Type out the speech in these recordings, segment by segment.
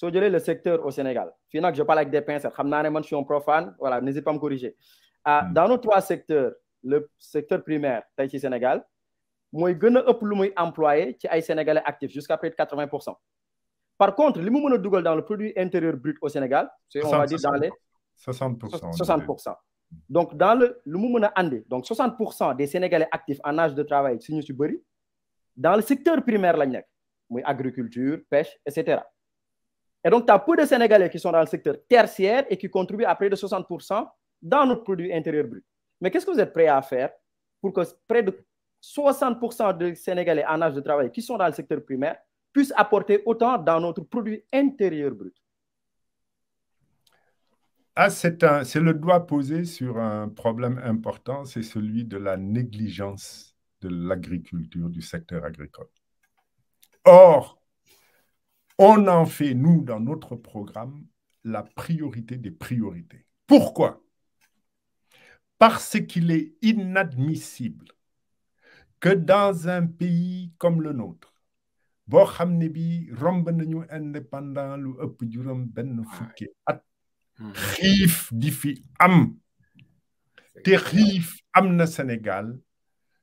soo le secteur au Sénégal Finalement, je parle avec des pincettes je suis un profane voilà n'hésite pas à me corriger ah, hmm. dans nos trois secteurs le secteur primaire tay ci Sénégal moy y a ëpp lu muy employé ci ay sénégalais actifs jusqu'à près de 80 par contre le mu de dans le produit intérieur brut au Sénégal c'est on va dire dans les 60 60 donc dans le lu mu donc 60 des sénégalais actifs en âge de travail si sur si dans le secteur primaire agriculture pêche etc., et donc, tu as peu de Sénégalais qui sont dans le secteur tertiaire et qui contribuent à près de 60% dans notre produit intérieur brut. Mais qu'est-ce que vous êtes prêt à faire pour que près de 60% des Sénégalais en âge de travail qui sont dans le secteur primaire puissent apporter autant dans notre produit intérieur brut ah, c'est le doigt posé sur un problème important, c'est celui de la négligence de l'agriculture, du secteur agricole. Or, on en fait, nous, dans notre programme, la priorité des priorités. Pourquoi Parce qu'il est inadmissible que dans un pays comme le nôtre, bo xamné bi romb nañu indépendant lu ëpp juróom benn fukki at hmm. xiif di fi am te xiif am na Sénégal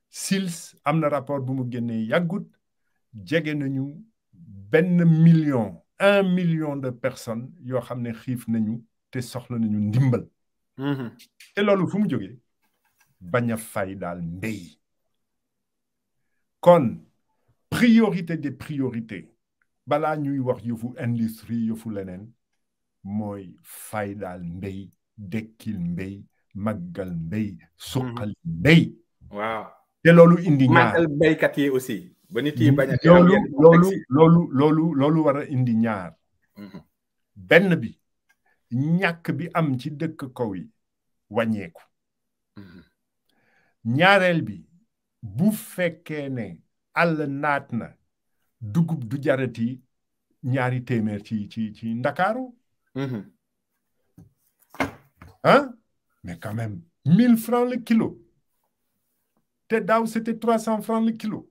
SILS am na rapport bu mu génnee yàggut jege nañu ben million un million de personnes yo xamné xif nañu te soxla nañu ndimbal. ce mhm. que fu mu baña fay kon priorité des priorités bala ñuy wax industrie moy fay dekil mbey magal mbey waaw indi aussi. ba nit yi bañ a loolu loolu loolu loolu loolu war a indi ñaar mhm. benn bi ñàkk bi am ci dëkk kaw yi wàññeeku mhm. ñaareel bi bu fekkee ne àll naat na dugub du jarati ñaari téeméer ci ci ci ndakaaru ah mais quand même mille francs le kilo te daaw c'était trois cents francs le kilo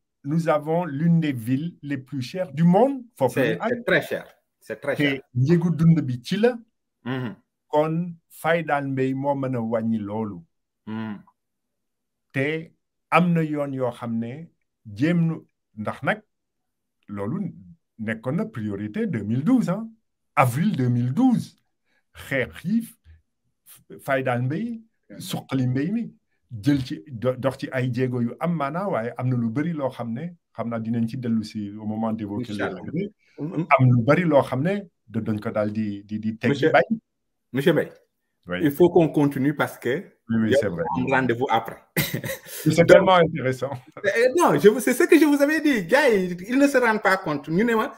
nous avons l'une des villes les plus chères du monde. C'est très cher. C'est très cher. Et njëgu dund bi ci la. Mm-hmm. kon fay de mbéy moo mën a wàññi loolu. Mm-hmm. te am na yoon yoo xam ndax priorité 2012 Hein? avril 2012 xeex xiif fay daal mbéy jël ci dox ci ay jéego yu am maanaa waaye am na lu bëri loo xam ne xam naa dinañ ci dellu si au moment vos mm-hmm. am lu bëri loo xam ne da doñ ko daal di di di teg bay monsieur bay oui. il faut qu'on continue parce que oui, oui, c'est vrai. rendez-vous après c'est tellement intéressant eh, non c'est ce que je vous avais dit gars ils ne se rendent pas compte ñu ne ma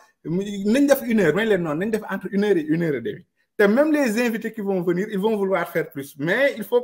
def une heure may les non, nañ def entre une heure et une heure et demie te même les invités qui vont venir ils vont vouloir faire plus mais il faut